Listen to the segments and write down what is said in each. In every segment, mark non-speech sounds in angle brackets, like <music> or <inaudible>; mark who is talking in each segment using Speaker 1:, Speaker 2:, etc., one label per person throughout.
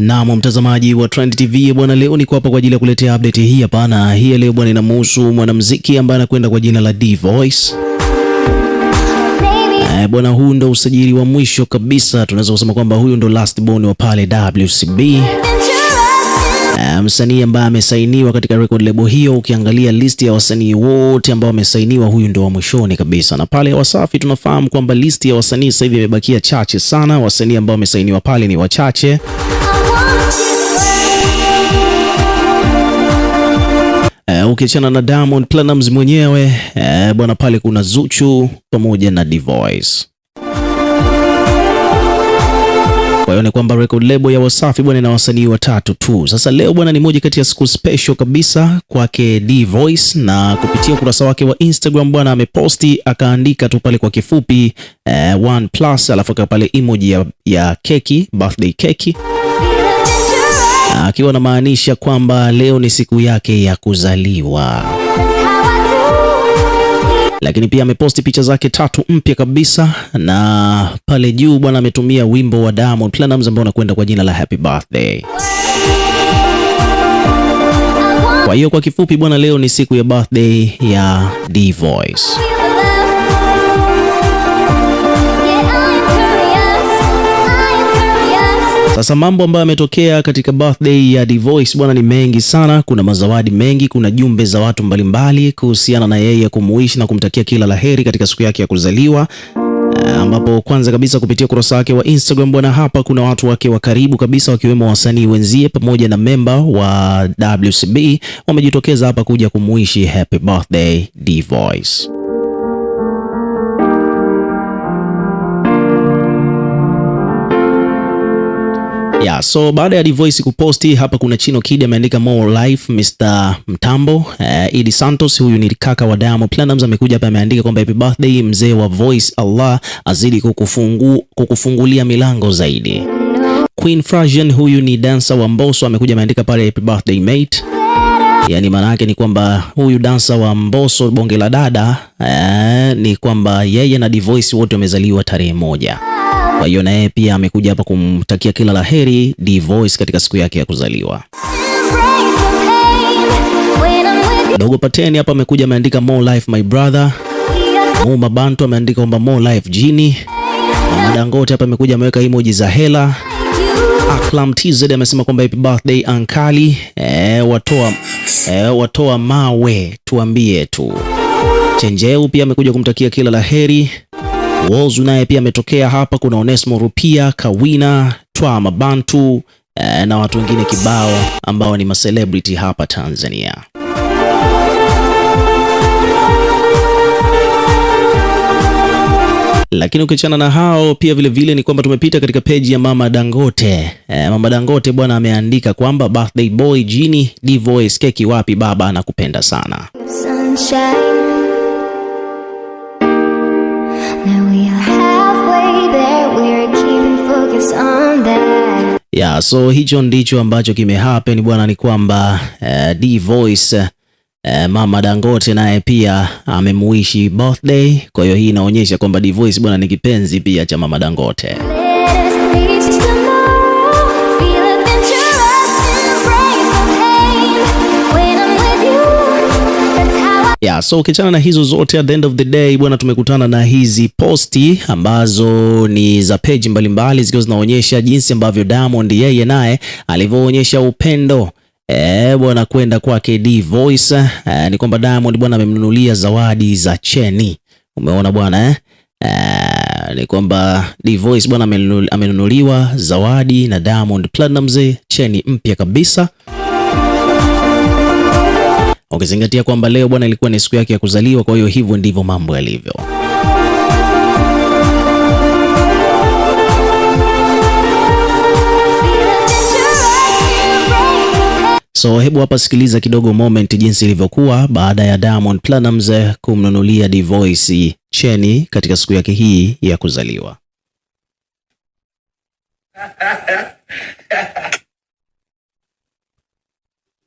Speaker 1: Naam, mtazamaji wa Trend TV bwana, leo niko hapa kwa ajili ya kuletea update hii. Hapana, hii leo bwana, inamhusu mwanamuziki ambaye anakwenda kwa jina la D Voice. Eh, bwana, huu ndo usajili wa mwisho kabisa, tunaweza kusema kwamba huyu ndo last born wa pale WCB. Eh, msanii ambaye amesainiwa katika record label hiyo. Ukiangalia listi ya wasanii wote ambao wamesainiwa, huyu ndio wa mwishoni kabisa. Na pale Wasafi tunafahamu kwamba listi ya wasanii sasa hivi imebakia chache sana. Wasanii ambao wamesainiwa pale ni wachache eh, ukiachana na Diamond Platnumz mwenyewe, eh, bwana, pale kuna Zuchu pamoja na Dvoice. Kwa hiyo ni kwamba record label ya Wasafi bwana ina wasanii watatu tu. Sasa leo bwana ni moja kati ya siku special kabisa kwake D Voice, na kupitia ukurasa wake wa Instagram bwana ameposti akaandika tu pale kwa kifupi eh, one plus, alafu aka pale emoji ya, ya keki birthday keki akiwa anamaanisha kwamba leo ni siku yake ya kuzaliwa lakini pia ameposti picha zake tatu mpya kabisa, na pale juu bwana ametumia wimbo wa Diamond Platnumz ambao unakwenda kwa jina la Happy Birthday. Kwa hiyo kwa kifupi bwana, leo ni siku ya birthday ya D-Voice. Sasa mambo ambayo yametokea katika birthday ya Voice bwana, ni mengi sana. Kuna mazawadi mengi, kuna jumbe za watu mbalimbali kuhusiana na yeye, kumuishi na kumtakia kila laheri katika siku yake ya kuzaliwa eh, ambapo kwanza kabisa kupitia ukurasa wake wa Instagram bwana, hapa kuna watu wake wa karibu kabisa wakiwemo wasanii wenzie pamoja na memba wa WCB wamejitokeza hapa kuja kumuishi happy birthday Voice. Yeah, so baada ya Dvoice kuposti hapa, kuna Chino Kid ameandika more life Mr Mtambo. Uh, Idi Santos huyu ni kaka wa Diamond Platnumz amekuja hapa ameandika kwamba happy birthday mzee wa Voice, Allah azidi kukufungu, kukufungulia milango zaidi. Queen Frasian huyu ni dansa wa Mbosso amekuja ameandika pale happy birthday mate. Yaani maana yake ni kwamba huyu dansa wa Mbosso bonge la dada, eh, ni kwamba yeye na Dvoice wote wamezaliwa tarehe moja. Kwa hiyo na yeye pia amekuja hapa kumtakia kila la heri D-Voice katika siku yake ya kuzaliwa. Dogo Pateni hapa amekuja ameandika more life my brother. Muma Bantu ameandika kwamba more life Jini. Mama Dangote hapa amekuja ameweka emoji za hela. Aklam TZ amesema kwamba happy birthday ankali. Eh, watoa eh, watoa mawe tuambie tu. Chenjeu pia amekuja kumtakia kila la heri. Wozu naye pia ametokea hapa. Kuna Onesmo Rupia, Kawina, Twa Mabantu eh, na watu wengine kibao ambao ni macelebrity hapa Tanzania. Lakini ukiachana na hao pia vilevile vile ni kwamba tumepita katika peji ya Mama Dangote. E, Mama Dangote bwana ameandika kwamba birthday boy Jini D voice keki wapi baba anakupenda sana Sunshine. Yeah, so hicho ndicho ambacho kimehappen bwana, ni kwamba uh, eh, D Voice uh, eh, mama Dangote naye pia amemuishi birthday. Kwa hiyo hii inaonyesha kwamba D Voice bwana ni kipenzi pia cha mama Dangote. yeah, so ukiachana na hizo zote, at the end of the day bwana, tumekutana na hizi posti ambazo ni za page mbalimbali zikiwa zinaonyesha jinsi ambavyo Diamond yeye naye alivyoonyesha upendo E, bwana kwenda kwake D Voice e, ni kwamba Diamond bwana amemnunulia zawadi za cheni. Umeona bwana eh? E, ni kwamba D Voice bwana amenunuliwa zawadi na Diamond Platnumz cheni mpya kabisa ukizingatia kwamba leo bwana ilikuwa ni siku yake ya kuzaliwa. Kwa hiyo hivyo ndivyo mambo yalivyo. So hebu hapa sikiliza kidogo moment jinsi ilivyokuwa baada ya Diamond Platnumz kumnunulia Voice cheni katika siku yake hii ya kuzaliwa. <laughs>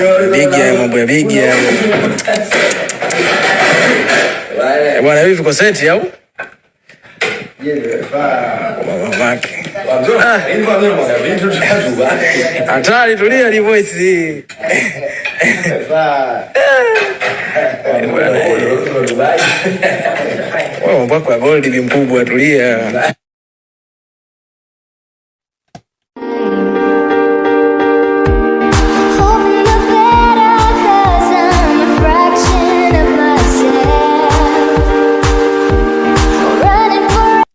Speaker 1: Big game mambo ya big game. Bwana hivi kwa senti au? Ah. Hatari, tulia ni voice. Mambo yako ya gold ni mkubwa, tulia.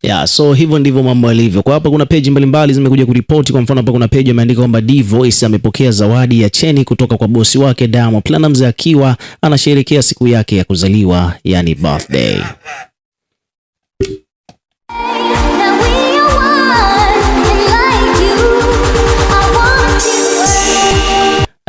Speaker 1: Yeah, so hivyo ndivyo mambo yalivyo. Kwa hapa kuna peji mbalimbali zimekuja kuripoti. Kwa mfano hapa kuna peji imeandika kwamba D-Voice amepokea zawadi ya cheni kutoka kwa bosi wake Diamond Platnumz akiwa anasherehekea siku yake ya kuzaliwa, yani birthday.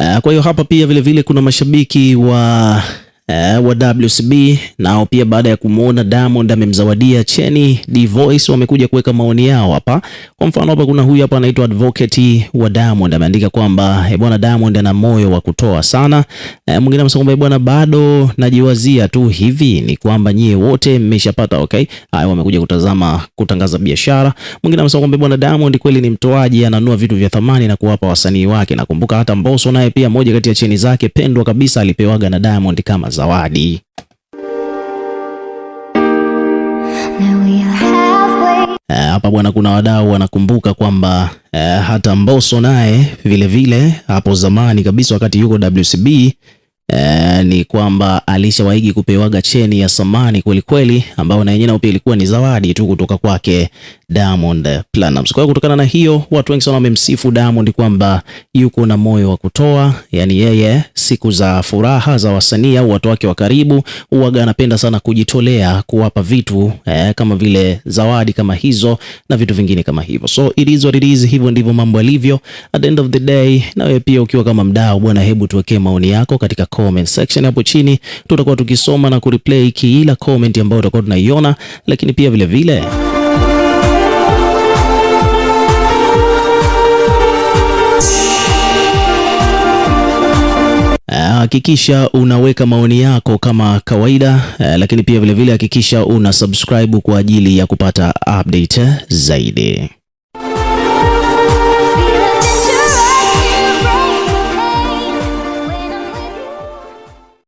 Speaker 1: Eh, kwa hiyo hapa pia vilevile vile kuna mashabiki wa uh, wa WCB nao pia baada ya kumwona Diamond amemzawadia cheni D Voice wamekuja kuweka maoni yao hapa. Kwa mfano hapa kuna huyu hapa anaitwa advocate wa Diamond ameandika kwamba eh, bwana Diamond ana moyo wa kutoa sana. Uh, mwingine amesema kwamba bwana bado najiwazia tu hivi ni kwamba nyie wote mmeshapata okay. Haya, wamekuja kutazama kutangaza biashara. Mwingine amesema kwamba bwana Diamond kweli ni mtoaji, ananua vitu vya thamani na kuwapa wasanii wake. Nakumbuka hata Mbosso naye pia moja kati ya cheni zake pendwa kabisa alipewaga na Diamond kama zawadi. Eh, hapa bwana, kuna wadau wanakumbuka kwamba eh, hata Mbosso naye vilevile hapo zamani kabisa wakati yuko WCB E, ni kwamba alishawahi kupewaga cheni ya samani kweli kweli ambayo na yenyewe pia ilikuwa ni zawadi tu kutoka kwake Diamond Platnumz. Kwa hiyo kutokana na hiyo, watu wengi sana wamemsifu Diamond kwamba yuko na moyo wa kutoa, yani yeye siku za furaha za wasanii au watu wake wa karibu huwaga anapenda sana kujitolea kuwapa vitu eh, kama vile zawadi kama hizo na vitu vingine kama hivyo. So it is what it is, hivyo ndivyo mambo yalivyo at the end of the day. Na wewe pia ukiwa kama mdau bwana, hebu tuwekee maoni yako katika comment section hapo chini. Tutakuwa tukisoma na kureplay kila comment ambayo utakuwa tunaiona, lakini pia vile vile hakikisha unaweka maoni yako kama kawaida, lakini pia vilevile hakikisha una subscribe kwa ajili ya kupata update zaidi.